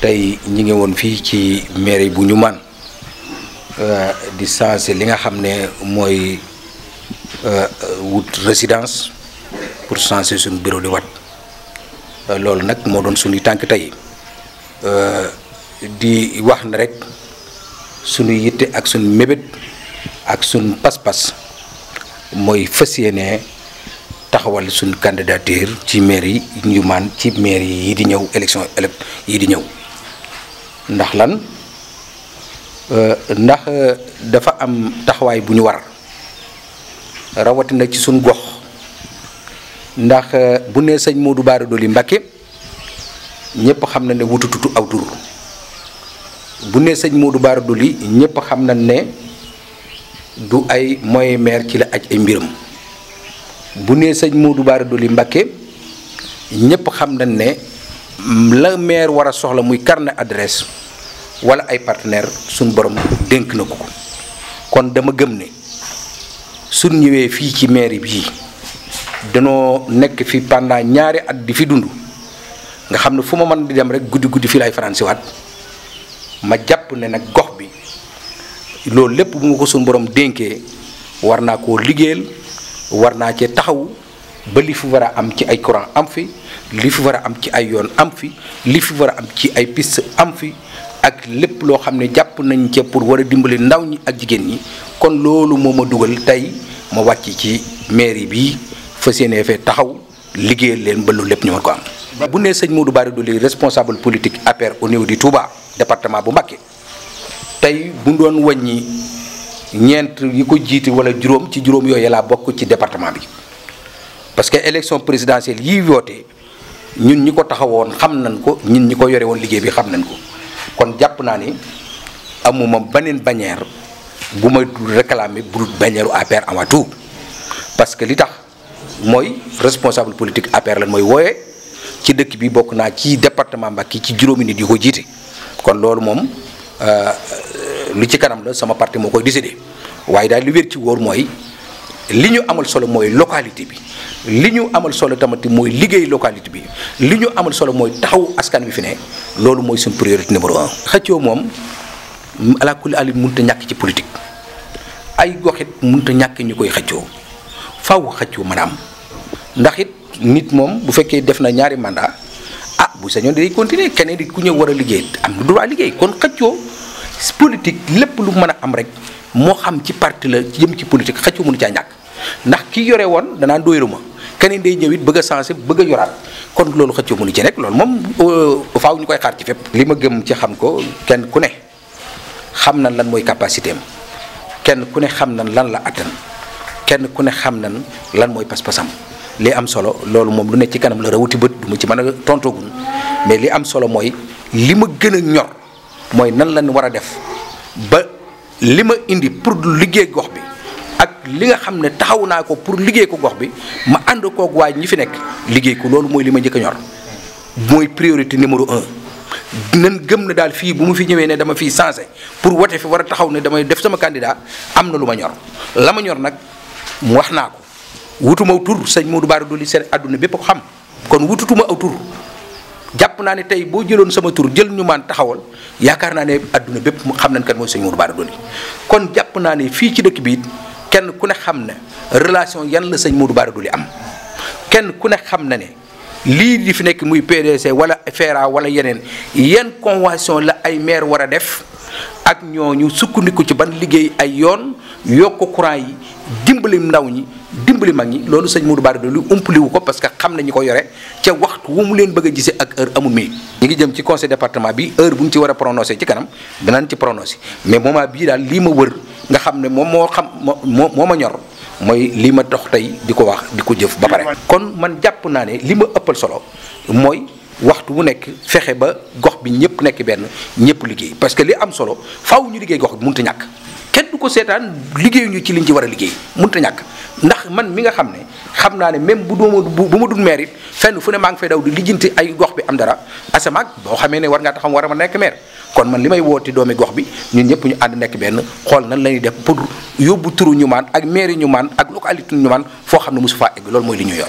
tey ñi ngi woon fii ci mairie bu Ndioumane euh, di changé li nga xam ne mooy euh, wut résidence pour sancé suñu bureau de vote euh, loolu nag moo doon suñuy tànk tey di wax na rek suñuy yitte ak suñu mébét ak suñu pas-pas mooy fas yéene taxawal suñu candidature ci mairie Ndioumane ci mairie yi di ñëw élection élect yi di ñëw ndax lan euh, ndax euh, dafa am taxawaay bu ñu war rawatina ci suñ gox ndax euh, bu nee sëñ Modou Bara Dolly Mbacké ñépp xam na ne wutututu aw bu nee sëñ Modou Bara Dolly ñépp xam na ne du ay moyen maire ci la aj ay mbiram bu nee sëñ du Bara Dolly Mbacké ñépp xam na ne la maire war a soxla muy carnet adresse wala ay partenaire suñ borom dénk na ko ko kon dama gëm ne suñ ñëwee fii ci maire bi danoo nekk fi pendant ñaari at di fi dund nga xam ne fu ma mën di dem rek guddi guddi fii laay faransi waat ma jàpp ne nag gox bi loolu lépp bu ma ko suñ borom dénkee war naa ko liggéeyal war naa cee taxaw ba li fi war a am ci ay courant am fi li fi war a am ci ay yoon am fi li fi war a am ci ay piste am fi ak lépp loo xam ne jàpp nañ ca pour war a dimbali ndaw ñi ak jigéen ñi kon loolu moom ma dugal tey ma wàcc ci mairie bi fa yéenee fee taxaw liggéeyal leen ba loolu lépp ñu mën ko am. bu nee sëñ bari Bara Dolly responsable politique APR au di du Touba département bu Mbacké tey bu doon waññi ñeent yi ko jiite wala juróom ci juróom yooyu laa bokk ci département bi. parce que élection présidentielle yii woote ñun ñi ko taxawoon xam nañ ko ñun ñi ko yore woon liggéey bi xam nañ ko kon jàpp naa ni amuma beneen bañeer bu may réclamer bu dul bañeeru APR avant tout parce que li tax mooy responsable politique APR lan mooy wooyee ci dëkk bi bokk naa ci département Mbacké ci juróomi nit yu ko jiite kon loolu moom euh, lu ci kanam la sama parti moo koy décidé waaye daal li wér ci wóor mooy li ñu amal solo mooy localité bi li ñu amal solo tamati mooy liggéey localité bi li ñu amal solo mooy taxaw askan wi fi ne loolu mooy suñu priorité numéro un. xëccoo moom ala kulli ali mënut ñàkk ci politique ay gox it ñàkk ñu koy xëccoo faw xëccoo maanaam ndax it nit moom bu fekkee def na ñaari mandat ah bu sañoon day continuer keneen it ku ñëw war a liggéey am na droit liggéey kon xëccoo politique lépp lu mën a am rek moo xam ci parti la jëm ci politique xëccoo mënu caa ñàkk ndax ki yore woon danaa doylu ma keneen day ñëw it bëgg a changé bëgg a yoraat kon loolu mu mënu ci nekk loolu moom euh, faaw ñu koy xaar ci fépp. li ma gëm ci xam ko kenn ku ne xam na lan mooy capacité kenn ku ne xam na lan la attan kenn ku ne xam na lan mooy pas-pasam li am solo loolu moom lu ne ci kanam la rawati bët du ci man a tontoogun mais li am solo mooy li ma gën a ñor mooy nan lañ war a def ba li ma indi pour liggéey gox bi. li nga xam ne taxaw naa ko pour liggéey ko gox bi ma ànd koog waa ñi fi nekk liggéey ko loolu mooy li ma njëkk a ñor mooy priorité numéro un. nan gëm na daal fii bu mu fi ñëwee ne dama fiy changé pour wote fi war a taxaw ne damay def sama candidat am na lu ma la ma ñor nag mu wax naa ko wutuma aw tur sëñ Modou Bara Dolly seen àdduna bépp xam kon wututuma aw tur jàpp naa ne tey boo jëloon sama tur jël ñu maan taxawal yaakaar naa ne àdduna bépp xam nañ ka mooy sëñ Modou Bara Dolly kon jàpp naa ne fii ci dëkk bi kenn ku ne xam na relation yan la sëñ Modou Bara Dolly am kenn ku ne xam na ne lii di fi nekk muy PDC wala FERA wala yeneen yan convention la ay maire war a def ak ñoo ñu sukkandiku ci ban liggéey ay yoon yokk courant yi dimbali ndaw ñi dimbali mag ñi loolu sëñ Modou Bara Dolly umpaliwu ko parce que xam na ñi ko yore ca waxtu wu mu leen bëgg a gisee ak heure amul mi ñi ngi jëm ci conseil département bi heure bu ñu ci war a prononcé ci kanam nga xam ne moom moo xam moo moo ma ñor mooy li ma dox tey di ko wax di ko jëf ba pare. kon man jàpp naa ne li ma ëppal solo mooy waxtu bu nekk fexe ba gox bi ñëpp nekk benn ñëpp liggéey parce que li am solo faaw ñu liggéey gox bi mënut a ñàkk. ko seetaan liggéeyuñu ci liñ ci war a liggéey mun a ñàkk ndax man mi nga xam ne xam naa ne même bu dooma bu ma dul maire it fenn fu ne maa ngi fay daw di lijjanti ay gox bi am dara asamaag boo xamee ne war ngaa taxam war a ma nekk maire kon man li may wooti doomi gox bi ñun ñëpp ñu ànd nekk benn xool na la ñuy def pour yóbbu turu ñu maan ak maire ñu ak localité ñu maan foo xam ne mosu faa egg loolu mooy li ñu yor